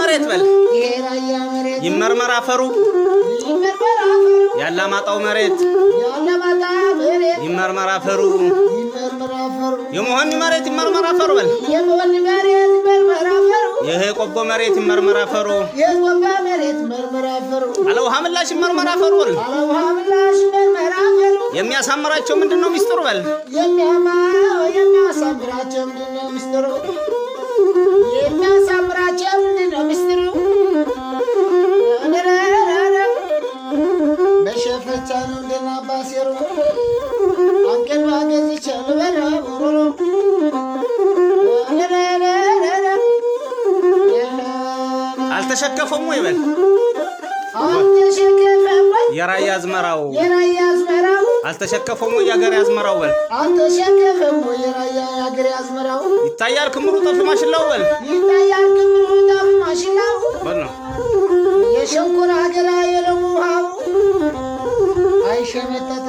መሬት በል ይመርመር አፈሩ ያላማጣው መሬት ይመርመር አፈሩ የመሆኒ መሬት ይመርመር አፈሩ በል ይህ ቆቦ መሬት ይመርመር አፈሩ አለውሃ ምላሽ ይመርመር አፈሩ በል የሚያሳምራቸው ምንድን ነው ሚስጥሩ በል አልተሸከፈሙ ገዝቼ ልበላ ሩሩ አልተሸከፈም ወይ በል አዝመራው አዝመራው በል ይታያል ክምሩ ጠፍ ማሽላው በል ይታያል ክምሩ ጠፍ ማሽላው ነው የሸንኮራ አገራ የለሙሃው አይሸመተተ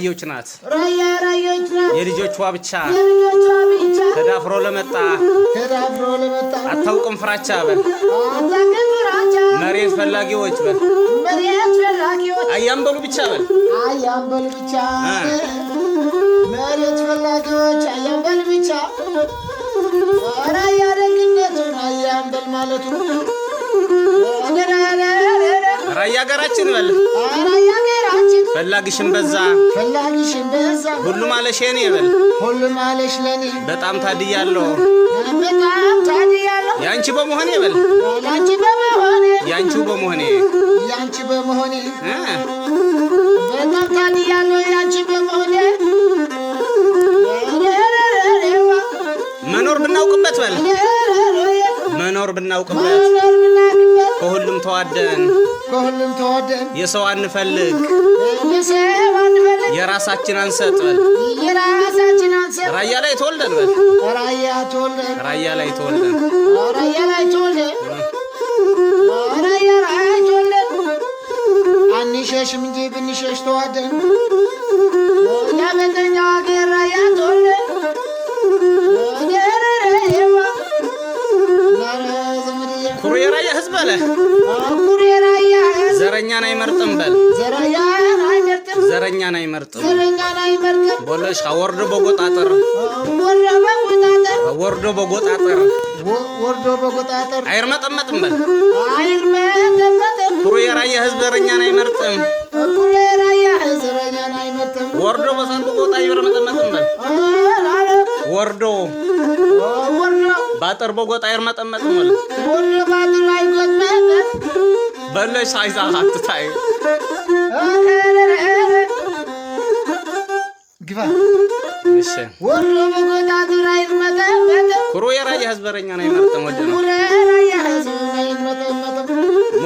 ራዮች ናት የልጆቿ ብቻ ተዳፍሮ ለመጣ አታውቅም ፍራቻ በል መሬት ፈላጊዎች በል አያም በሉ ብቻ በል መሬት ፈላጊዎች አያም በል ብቻ ራያ ደግነቱን አያም በል ማለቱ ራያ ሀገራችን በል ፈላጊሽን በዛ ፈላጊሽን በዛ ሁሉ ማለሽ የኔ ይበል ሁሉ ማለሽ ለኔ በጣም ታድያለሁ በጣም ታድያለሁ ያንቺ በመሆኔ ይበል ያንቺ በመሆኔ ያንቺ በመሆኔ ያንቺ በመሆኔ በጣም ታድያለሁ ያንቺ በመሆኔ መኖር ብናውቅበት በል መኖር ብናውቅበት ተዋደን ከሁሉም ተዋደን የሰው አንፈልግ የራሳችን አንሰጥበል ራያ ላይ ተወልደን በል ራያ ተወልደን ራያ ላይ ተወልደን ራያ ላይ ተወልደን ራያ ላይ ተወልደን አንሸሽም እንጂ ብንሸሽ ተዋደን ያ ያመጠኛዋ በለ ዘረኛን አይመርጥም በል ዘረኛን አይመርጥም ቦለሽ አወርዶ በጎጣጠር ወርዶ በጎጣጠር ወርዶ በጎጣጠር አይርመጠመጥም በል ኩሩ የራያ ህዝብ ዘረኛን አይመርጥም ወርዶ በሳንቆጣ አይርመጠመጥም በል ወርዶ ቃጠር በጎጣ ይርመጠመጥ ማለት ቦሎ ቃጠር አይጎጣበት በለሽ አትታይ ግባ እሺ በጎጣ ኩሩ የራያ ህዝበረኛ ነው ይመርጠም ነው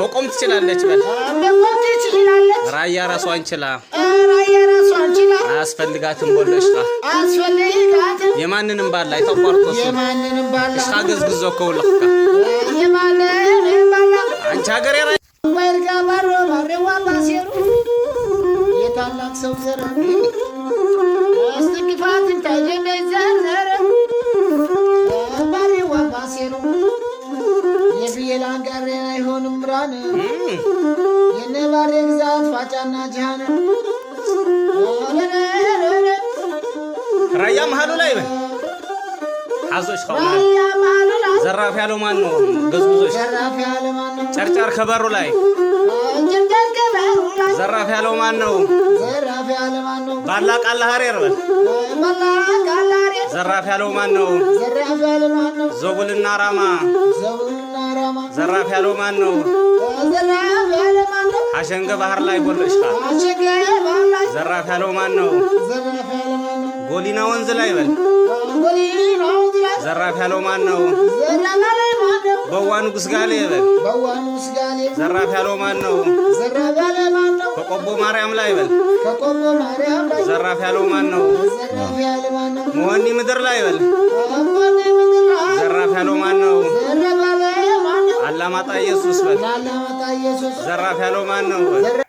መቆም ትችላለች በል መቆም ትችላለች ራያ ራሷን ችላ አያስፈልጋትም። ወለሽ የማንንም ባላ አይተቋርጦ የማንንም ባላ አንቺ ሀገር የታላቅ ሰው ዘራ እስካሁን ዘራፍ ያለው ማን ነው? ገዝጉዞች ጨርጨር ከበሩ ላይ ዘራፍ ያለው ማን ነው? ባላቃላ ሀሬር ዘራፍ ያለው ማን ነው? ዞጉልና ራማ ዘራፍ ያለው ማን ነው? አሸንገ ባህር ላይ ጎለሽታል። ዘራፍ ያለው ማን ነው? ጎሊና ወንዝ ላይ በል። ዘራፍ ያለው ማን ነው? በዋ ንጉሥ ጋሌ በል። ዘራፍ ያለው ማን ነው? ከቆቦ ማርያም ላይ በል። ዘራፍ ያለው ማን ነው? መሆኒ ምድር ላይ በል ኢየሱስ በል። ዘራፍ ያለው ማን ነው?